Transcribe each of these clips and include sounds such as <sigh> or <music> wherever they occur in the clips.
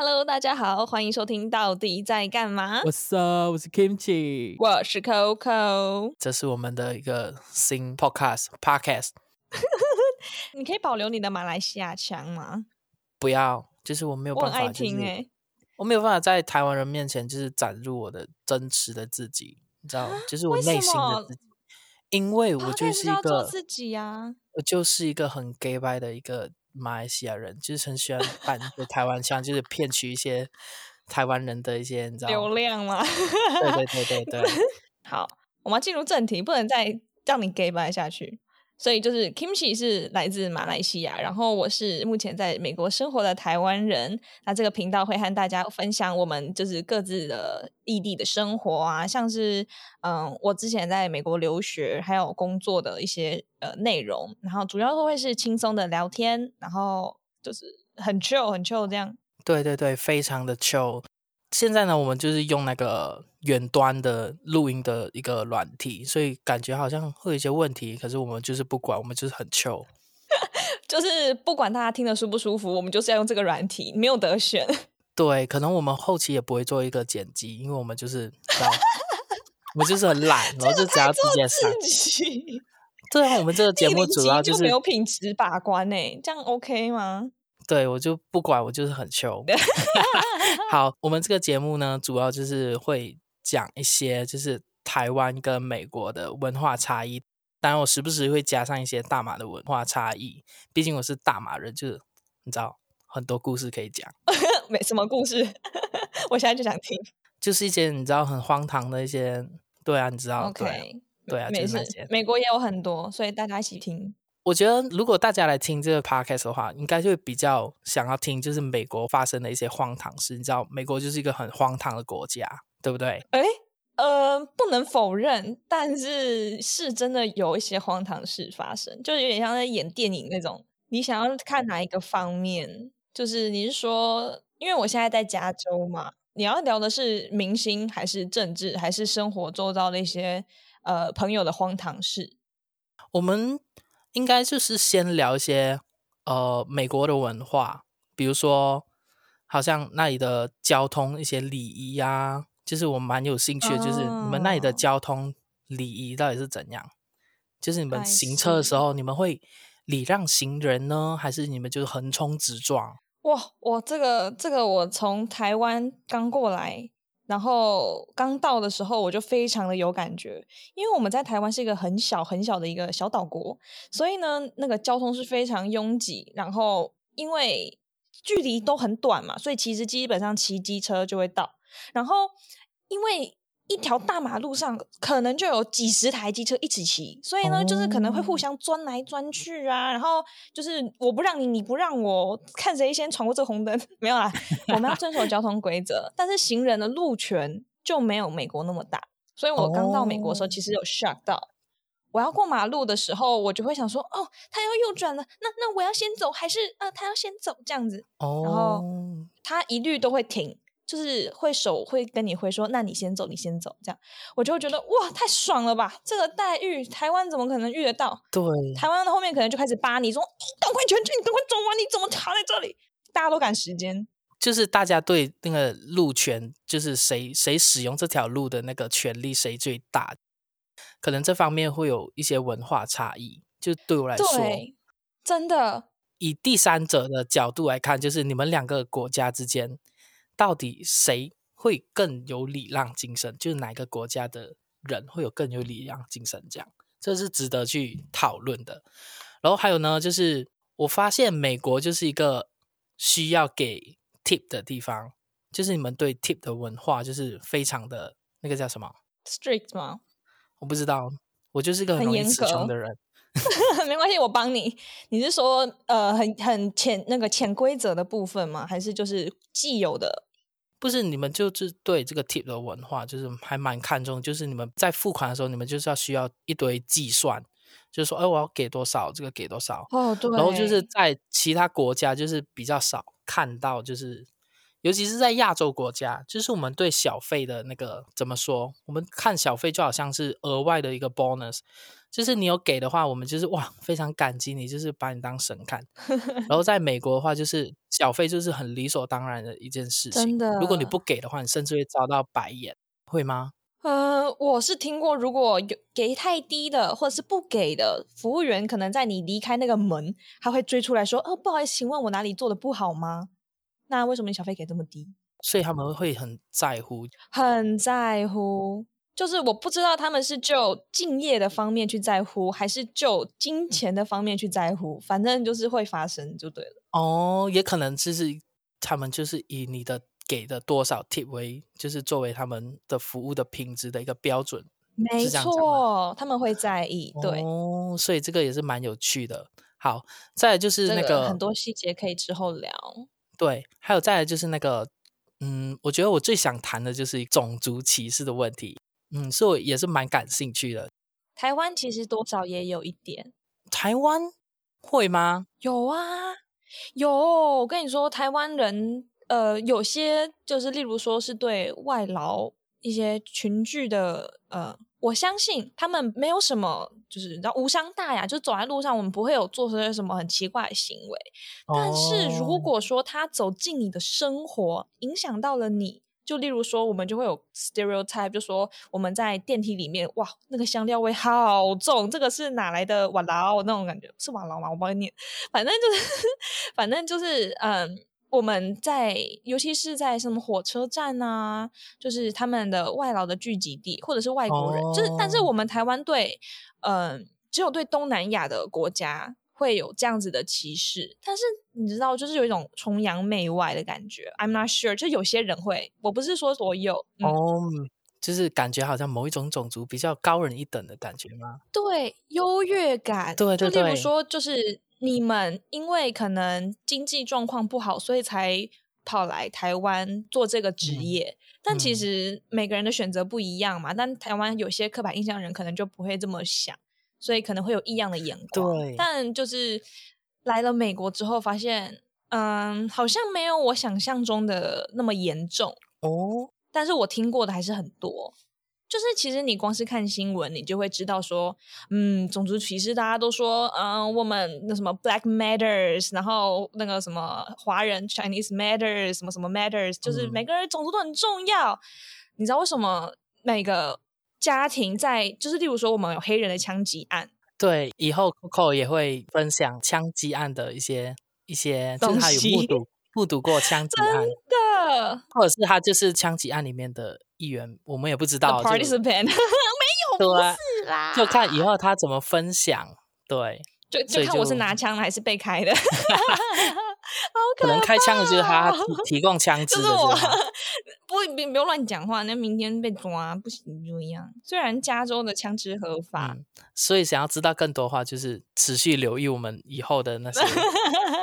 Hello，大家好，歡迎收聽《到底在幹嘛》。What's up？我是 Kimchi，我是 Coco。這是我們的一個新 Podcast, podcast。Podcast， <laughs> 你可以保留你的馬來西亞腔嗎？不要，就是我沒有辦法，我愛聽哎、欸就是，我沒有辦法在台灣人面前就是展露我的真實的自己，你知道嗎？就是我內心的自己，因為我就是一個做自己呀、啊，我就是一個很 gay 掰的一個。馬來西亞人就是很喜歡扮做台灣腔， <laughs> 就是騙取一些台灣人的一些，你知道？流量嗎？ <laughs> 對對對對對,對。 <laughs> 好，我們進入正題，不能再讓你 gay 掰下去。所以就是 Kimchi 是來自馬來西亞，然後我是目前在美國生活的台灣人。那這個頻道會和大家分享我們就是各自的異地的生活啊，像是嗯，我之前在美國留學還有工作的一些呃內容，然後主要都會是輕鬆的聊天，然後就是很 chill 很 chill 這樣。對對對，非常的 chill。現在呢，我們就是用那個遠端的錄音的一個軟體，所以感覺好像會有一些問題。可是我們就是不管，我們就是很 chill， <laughs> 就是不管大家聽得舒不舒服，我們就是要用這個軟體，沒有得選。對，可能我們後期也不會做一個剪輯，因為我們就是知道 <laughs> 我們就是很懶，然後就只要直接上。 <laughs> 對 <laughs> 我們這個節目主要就是就沒有品質把關誒、欸，這樣 OK 嗎？對，我就不管，我就是很窮。 <laughs> 好，我們這個節目呢，主要就是會講一些，就是台灣跟美國的文化差異。當然，我時不時會加上一些大馬的文化差異，畢竟我是大馬人，就是你知道很多故事可以講。沒 <laughs> 什麼故事， <laughs> 我現在就想聽，就是一些你知道很荒唐的一些。對啊，你知道？對、okay, 對啊，對啊，就是美國也有很多，所以大家一起聽。我覺得，如果大家來聽這個 Podcast 的話，應該就會比較想要聽，就是美國發生的一些荒唐事。你知道，美國就是一個很荒唐的國家，對不對？哎、欸，呃，不能否認，但是是真的有一些荒唐事發生，就有點像在演電影那種。你想要看哪一個方面？就是你是說，因為我現在在加州嘛，你要聊的是明星，還是政治，還是生活周遭的一些呃朋友的荒唐事？我們。應該就是先聊一些，呃，美國的文化，比如說，好像那裡的交通一些禮儀啊，就是我蠻有興趣的，就是你們那裡的交通禮儀到底是怎樣？啊？就是你們行車的時候，你們會禮讓行人呢，還是你們就是橫衝直撞？哇，哇、我這個，這個這個，我從台灣剛過來。然後剛到的時候，我就非常的有感覺，因為我們在台灣是一個很小很小的一個小島國，所以呢，那個交通是非常擁擠。然後因為距離都很短嘛，所以其實基本上騎機車就會到。然後因為一條大馬路上可能就有幾十台機車一起騎，所以呢，就是可能會互相鑽來鑽去啊。Oh. 然後就是我不讓你，你不讓我，看誰先闖過這紅燈。沒有啊， <laughs> 我們要遵守交通規則。但是行人的路權就沒有美國那麼大，所以我剛到美國的時候，其實有 shock 到。Oh. 我要過馬路的時候，我就會想說，哦，他要右轉了，那那我要先走還是啊、呃，他要先走這樣子？哦、oh.，然後他一律都會停。就是會手會跟你會說，那你先走，你先走，這樣我就會覺得，哇，太爽了吧！這個待遇，台灣怎麼可能遇得到？對，台灣的後面可能就開始扒你說，說你趕快全去，你趕快走啊！你怎麼躺在這裡？大家都趕時間，就是大家對那個路權，就是誰誰使用這條路的那個權利誰最大，可能這方面會有一些文化差異。就對我來說，對，真的，以第三者的角度來看，就是你們兩個國家之間。到底誰會更有禮讓精神？就是哪個國家的人會有更有禮讓精神？這樣，這是值得去討論的。然後還有呢，就是我發現美國就是一個需要給 tip 的地方，就是你們對 tip 的文化就是非常的那個叫什麼 strict 嗎？我不知道，我就是一個很容易詞窮的人。 <laughs> 沒關係，我幫你。你是說呃很很潛那個潛規則的部分嗎？還是就是既有的？不是你們就是對這個 tip 的文化就是還蠻看重，就是你們在付款的時候，你們就是要需要一堆計算，就是說，哎，我要給多少，這個給多少。哦，對。然後就是在其他國家就是比較少看到，就是尤其是在亞洲國家，就是我們對小費的那個怎麼說？我們看小費就好像是額外的一個 bonus。就是你有給的話，我們就是哇，非常感激你，就是把你當神看。 <laughs> 然後在美國的話，就是小費就是很理所當然的一件事情。真的，如果你不給的話，你甚至會遭到白眼，會嗎？呃，我是聽過，如果有給太低的，或者是不給的，服務員可能在你離開那個門，他會追出來說：“哦，不好意思，請問我哪裡做的不好嗎？”那為什麼你小費給這麼低？所以他們會很在乎，很在乎。就是我不知道他們是就敬業的方面去在乎，還是就金錢的方面去在乎。嗯、反正就是會發生，就對了。哦，也可能就是他們就是以你的給的多少 tip 為，就是作為他們的服務的品質的一個標準。沒錯，他們會在意。對，哦，所以這個也是蠻有趣的。好，再來就是那個、那個、很多細節可以之後聊。對，還有再來就是那個，嗯，我覺得我最想談的就是種族歧視的問題。嗯，所以也是蠻感興趣的。台灣其實多少也有一點。台灣會嗎？有啊，有。我跟你說，台灣人呃，有些就是例如說是對外勞一些群聚的呃，我相信他們沒有什麼就是你知道無傷大雅，就是走在路上我們不會有做出什麼很奇怪的行為。哦。但是如果說他走進你的生活，影響到了你。就例如說，我們就會有 stereotype，就說我們在電梯裡面，哇，那個香料味好重，這個是哪來的？外勞，那種感覺是外勞嗎？我幫你念，反正就是，反正就是，嗯，我們在，尤其是在什麼火車站啊，就是他們的外勞的聚集地，或者是外國人，哦、就是，但是我們台灣對，嗯，只有對東南亞的國家。會有這樣子的歧視，但是你知道，就是有一種崇洋媚外的感覺。I'm not sure，就有些人會，我不是說所有哦，嗯 oh, 就是感覺好像某一種種族比較高人一等的感覺嗎？對，優越感。對對對，就比如說就是你們因為可能經濟狀況不好，所以才跑來台灣做這個職業。嗯、但其實每個人的選擇不一樣嘛。但台灣有些刻板印象的人可能就不會這麼想。所以可能會有異樣的眼光，對。但就是來了美國之後，發現，嗯，好像沒有我想象中的那麼嚴重哦。但是我聽過的還是很多。就是其實你光是看新聞，你就會知道說，嗯，種族歧視，大家都說，嗯，我們那什麼 Black Matters，然後那個什麼華人 Chinese Matters，什麼什麼 Matters，就是每個人種族都很重要。嗯，你知道為什麼那個？家庭在，就是例如說，我們有黑人的槍擊案。對，以後 Coco 也會分享槍擊案的一些一些東西，就是他有目睹目睹過槍擊案 <laughs> 真的，或者是他就是槍擊案裡面的一員，我們也不知道。The、participant 就 <laughs> 沒有、啊、不是啦，就看以後他怎麼分享。對，就就看就我是拿槍的還是被開的。 <laughs> 好可，哦、可能開槍的就是他提供槍支的，知 <laughs> 道不？沒沒有亂講話，那明天被抓不行就一樣。雖然加州的槍支合法、嗯，所以想要知道更多的話，就是持續留意我們以後的那些 <laughs>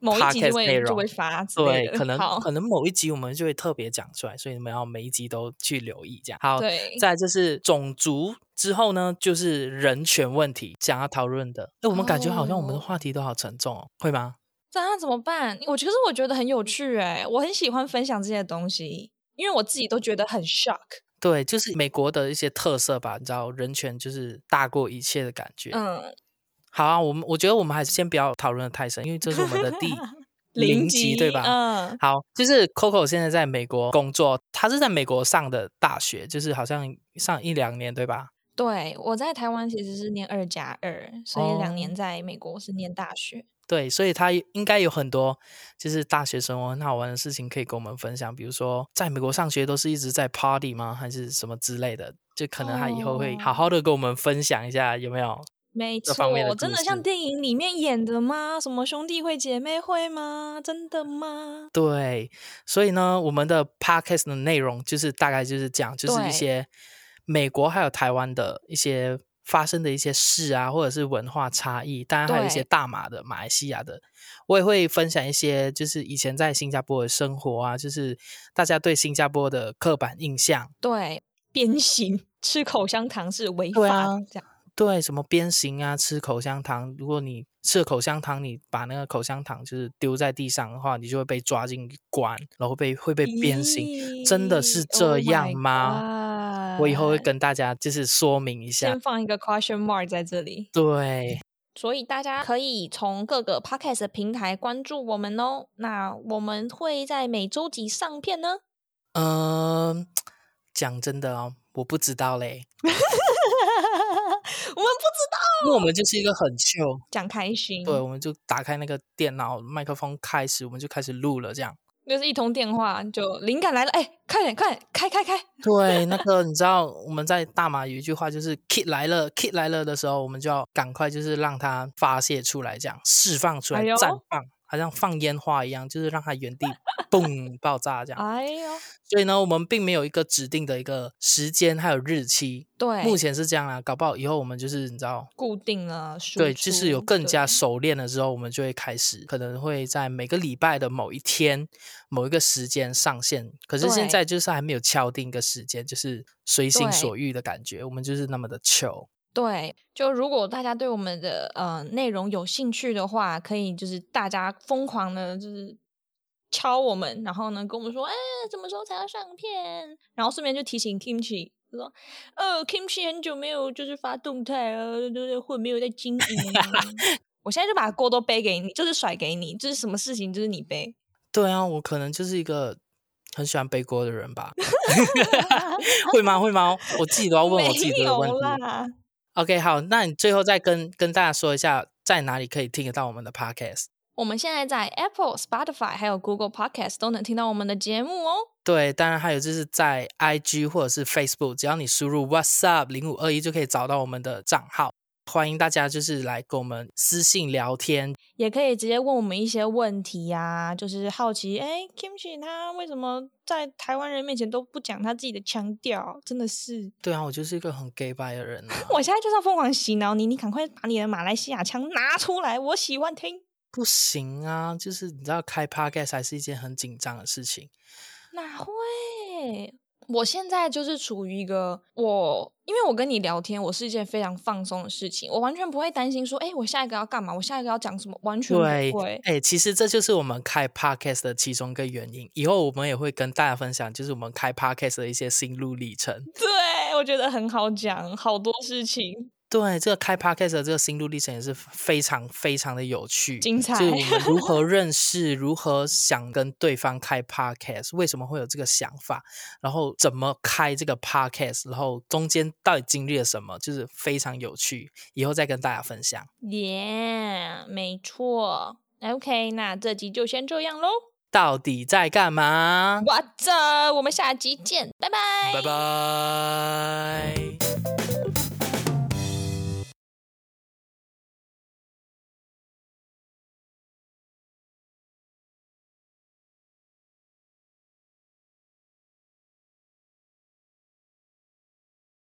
某一集就會就會發，對，可能可能某一集我們就會特別講出來，所以你們要每一集都去留意這樣。好，再來就是種族之後呢，就是人權問題想要討論的。那我們感覺好像我們的話題都好沉重哦。哦會嗎？那怎麼辦？我其實我覺得很有趣哎、欸，我很喜歡分享這些東西，因為我自己都覺得很 shock。對，就是美國的一些特色吧，你知道，人權就是大過一切的感覺。嗯，好啊，我們我覺得我們還是先不要討論得太深，因為這是我們的第 <laughs> 零集，對吧？嗯，好，就是 Coco 現在在美國工作，他是在美國上的大學，就是好像上一兩年，對吧？對，我在台灣其實是念二加二，所以兩年在美國是念大學。哦對，所以他應該有很多就是大學生活很好玩的事情可以跟我們分享，比如說在美國上學都是一直在 party 嗎，還是什麼之類的？就可能他以後會好好的跟我們分享一下，有沒有、哦？沒錯，我真的像電影裡面演的嗎？什麼兄弟會、姐妹會嗎？真的嗎？對，所以呢，我們的 podcast 的內容就是大概就是這樣，就是一些美國還有台灣的一些。發生的一些事啊，或者是文化差異，當然還有一些大馬的、馬來西亞的，我也會分享一些，就是以前在新加坡的生活啊，就是大家對新加坡的刻板印象。對，鞭刑，吃口香糖是違法，對啊，這樣，對，什麼鞭刑啊？吃口香糖，如果你吃了口香糖，你把那個口香糖就是丟在地上的話，你就會被抓進去關，然後會被會被鞭刑，真的，是這樣嗎？Oh 我以後會跟大家就是說明一下，先放一個 question mark 在這裡。對，所以大家可以從各個 Podcast 的平台關注我們哦。那我們會在每周幾上片呢？嗯、呃，講真的哦，我不知道嘞， <laughs> <laughs> <laughs> <laughs> 我們不知道。因為我們就是一個很 chill 講開心。對，我們就打開那個電腦麥克風，開始我們就開始錄了，這樣。就是一通電話，就靈感來了，哎、欸，快點快點開開開！對，那個你知道 <laughs> 我們在大馬有一句話，就是 kid 來了 kid 來了來了的時候，我們就要趕快，就是讓它發泄出來，這樣釋放出來，哎，綻放，好像放煙花一樣，就是讓它原地嘣 <laughs> 爆炸這樣。哎呦。所以呢，我們並沒有一個指定的一個時間還有日期，對，目前是這樣啊。搞不好以後我們就是你知道，固定了，對，就是有更加熟練了之後，我們就會開始，可能會在每個禮拜的某一天、某一個時間上線。可是現在就是還沒有敲定一個時間，就是隨心所欲的感覺，我們就是那麼的 chill。對，就如果大家對我們的呃內容有興趣的話，可以就是大家瘋狂的，就是。敲我們，然後呢，跟我們說，哎，什麼時候才要上片？然後順便就提醒 Kimchi，說，呃、哦、Kimchi 很久沒有就是發動態啊，就是會沒有在經營？ <laughs> 我現在就把鍋都背給你，就是甩給你，就是什麼事情就是你背。對啊，我可能就是一個很喜歡背鍋的人吧？ <laughs> <laughs> 會嗎？會嗎？我自己都要問我自己的問題，沒有啦。OK，好，那你最後再跟跟大家說一下，在哪裡可以聽得到我們的 Podcast？我們現在在 Apple、Spotify 還有 Google Podcast 都能聽到我們的節目哦。對，當然還有就是在 IG 或者是 Facebook，只要你輸入 Wassup 0521就可以找到我們的賬號。歡迎大家就是來跟我們私信聊天，也可以直接問我們一些問題呀、啊。就是好奇，哎，Kimchi 他為什麼在台灣人面前都不講他自己的腔調？真的是。對啊，我就是一個很 gay 掰的人、啊。 <laughs> 我現在就在瘋狂洗腦你，你趕快把你的馬來西亞腔拿出來，我喜歡聽。不行啊，就是你知道開 podcast 還是一件很緊張的事情。哪會？我現在就是處於一個，我，因為我跟你聊天，我是一件非常放鬆的事情，我完全不會擔心說，哎、欸，我下一個要幹嘛？我下一個要講什麼？完全不會。哎、欸，其實這就是我們開 podcast 的其中一個原因。以後我們也會跟大家分享，就是我們開 podcast 的一些心路歷程。對，我覺得很好講，好多事情。對，這個開 podcast 的這個心路歷程也是非常非常的有趣，精彩就你們如何認識， <laughs> 如何想跟對方開 podcast，為什麼會有這個想法，然後怎麼開這個 podcast，然後中間到底經歷了什麼，就是非常有趣，以後再跟大家分享。Yeah，沒錯。OK，那這集就先這樣嘍。到底在幹嘛？What's up？我們下集見，拜拜，拜拜。